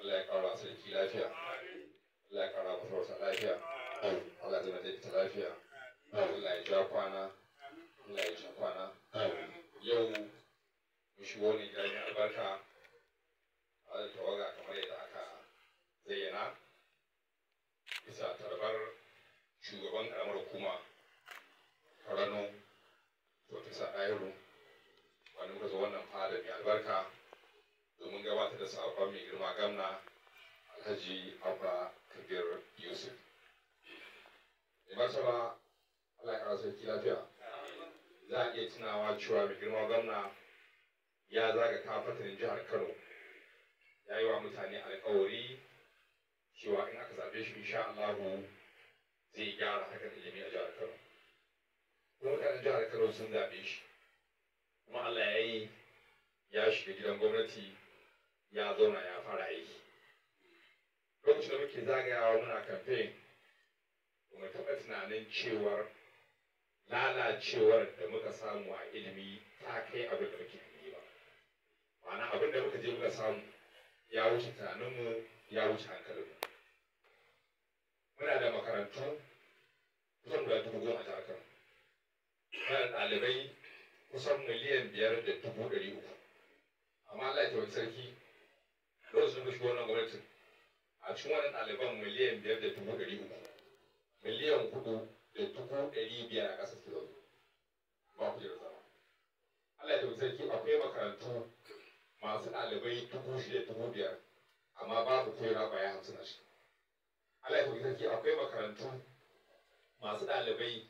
Allah ya kara sarki lafiya Allah ya kara lafiya lafiya kwana yau mu shigo ne gidan majalisa akwa mai girma gamna alhaji abba kabir yusuf martaba ba ya sarki lafiya za a iya tunawa cewa mai girma gamna ya zaga kafatanin jihar kano ya yi wa mutane alkawari cewa in aka zaɓe shi insha allahu zai gyara hakan ilimi a jihar kano kuma mutanen jihar kano sun zaɓe shi kuma allah ya yi ya shiga gidan gwamnati ya zauna ya fara yi lokacin da muke zagayawa muna kamfen kuma taɓa tunanin cewar lalacewar da muka samu a ilimi ta kai abin da muke yi ba ma'ana abin da muka je muka samu ya wuce tunaninmu ya wuce hankalinmu muna da makarantu kusan da dubu goma ta kan muna da ɗalibai kusan miliyan biyar da dubu ɗari uku amma Allah ya sarki don su rushe wannan gwamnatin a cikin wannan ɗaliban miliyan biyar da dubu ɗari uku miliyan hudu da dubu ɗari biyar a ƙasar su zaune ba ku jira zama Allah ya sarki akwai makarantu masu ɗalibai dubu shida dubu biyar amma babu kera baya hamsin a ciki Allah ya sarki akwai makarantu masu ɗalibai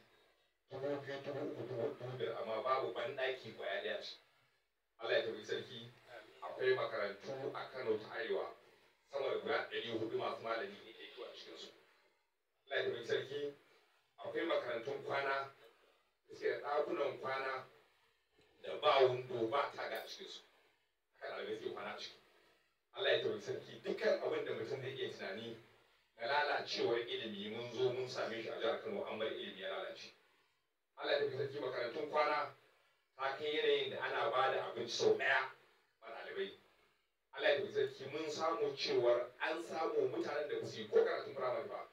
dubu biyu dubu uku dubu biyar amma babu banɗaki kwaya ɗaya ce Allah ya tafi sarki akwai makarantu a Kano ta Arewa sama da guda ɗari hudu masu malami ne ke kiwa cikin su. Laifin sarki akwai makarantun kwana da suke da ɗakunan kwana da ba wundo ba ga a cikin su. Haka ɗalibai suke kwana a ciki. Allah ya tauri sarki dukkan abin da mutum zai iya tunani na lalacewar ilimi mun zo mun same shi a jihar Kano an bar ilimi ya lalace. Allah ya tauri sarki makarantun kwana ta kai yanayin da ana ba da abinci sau ɗaya Allah ya sarki mun samu cewar an samu mutanen da su yi ko karatun firamare ba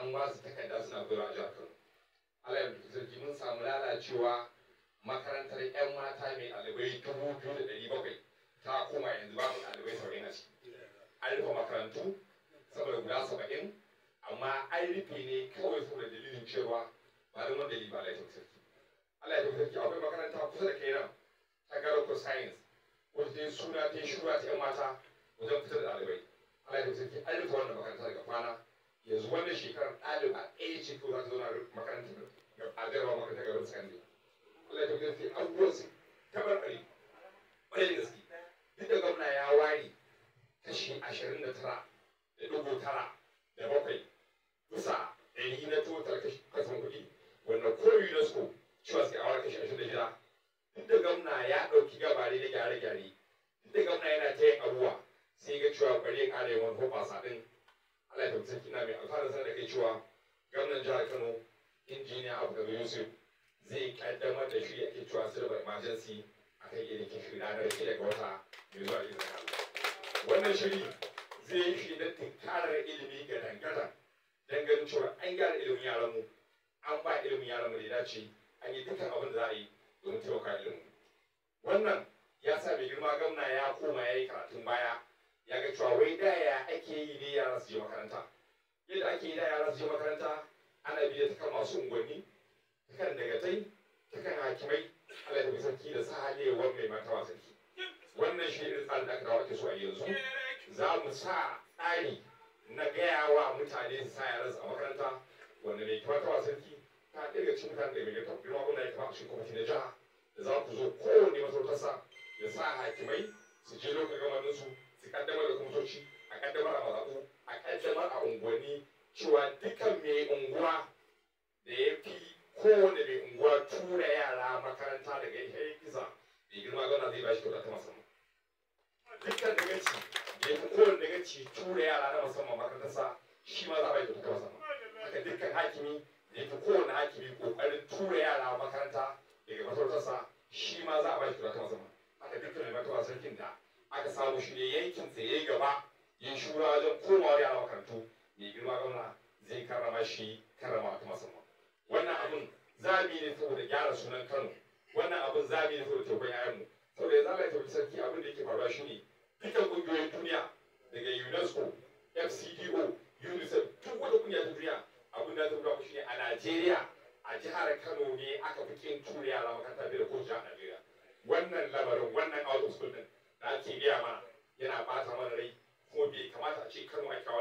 an ba su takarda suna koyarwa a jihar Kano Allah ya sarki mun samu lalacewa makarantar 'yan mata mai ɗalibai dubu biyu da ɗari bakwai ta koma yanzu ba mu ɗalibai saba'in a ciki an rufe makarantu saboda guda saba'in amma an rufe ne kawai saboda dalilin cewa ba da wanda ba laifin sarki Allah ya tafi sarki akwai makaranta kusa da kai nan ta Garoko Science wajen suna ta shura ta yan mata wajen fitar da ɗalibai Allah ya sarki an rufe wannan makaranta daga kwana yanzu wannan shekarar ɗaliba ɗaya ce ko za ta zauna makarantar a jarabar makarantar gaban sakandare Allah ya tabbata sai abubuwan su tabarbare ƙwarai da suke. duk da gwamna ya ware kashi ashirin da tara da dubu tara da bakwai bisa ɗari na total kasan kuɗi wannan koyi na ya ɗauki gabare da gyare-gyare da gwamna yana ta yin abuwa sai ga cewa bari ya ƙara yawan hoɓasa ɗin Allah ta tabbata kina mai alfahar sanar da kai cewa gwamnan jihar Kano injiniya gaba Yusuf zai kaddamar da shi ake cewa silver emergency a kan irin kishi ranar shi daga wata mai zuwa izinin kano wannan shiri zai yi shi na tinkarar ilimi ga dangata don ganin cewa an gyara ilimin yaranmu an ba ilimin yaranmu da ya dace an yi dukkan abin da za a yi domin taimaka ilimin wannan ya sa mai girma gamna ya koma ya yi karatun baya ya ga cewa wai da ya ake yi ne yara su je makaranta yadda ake yi da yara su je makaranta ana biya ta kan masu unguwanni ta kan dagatai ta kan hakimai ala sarki da sahalewar mai martaba sarki wannan shi ne tsarin da aka dawo ake so a yanzu za mu sa tsari na gaya wa mutane su sa yaran su a makaranta wanda mai martaba sarki ta ɗaga cikin mutane da mai girma gwamna ya kamata shi na jiha da za ku zo kowane masautarsa ya sa hakimai su je lokacin gabanin su su kaddamar da kwamitoci a kaddamar a mazaɓu a kaddamar a unguwanni cewa dukkan mai unguwa da ya fi kowane mai unguwa tura yara makaranta daga ya kisa mai girma gana zai ba shi kyauta ta musamman dukkan daga ci da ya fi kowane daga ci tura yara na musamman makarantarsa shi ma za a yi kyauta ta musamman haka dukkan hakimi da ya fi kowane hakimi kokarin tura yara makaranta masautarsa shi ma za a bashi turakar zama haka dukkan mai matuwa sarkin da aka samu shi ne yankin tsaye yi gaba yin shura wajen komawa yara makarantu mai girma gauna zai karrama shi karrama ta musamman wannan abun zabi ne saboda gyara sunan Kano wannan abun zabi ne saboda tauban yayanmu saboda ya zama tauki sarki abin da yake faruwa shi ne dukkan kungiyoyin duniya daga UNESCO FCDO UNICEF duk wata kungiya ta duniya abin da ta faruwa shi ne a Najeriya a jihar Kano ne aka fi kin tura yara makaranta da ko jihar Najeriya wannan labarin wannan out of school din da ake biya mana yana bata mana rai kuma bai kamata a ce Kano a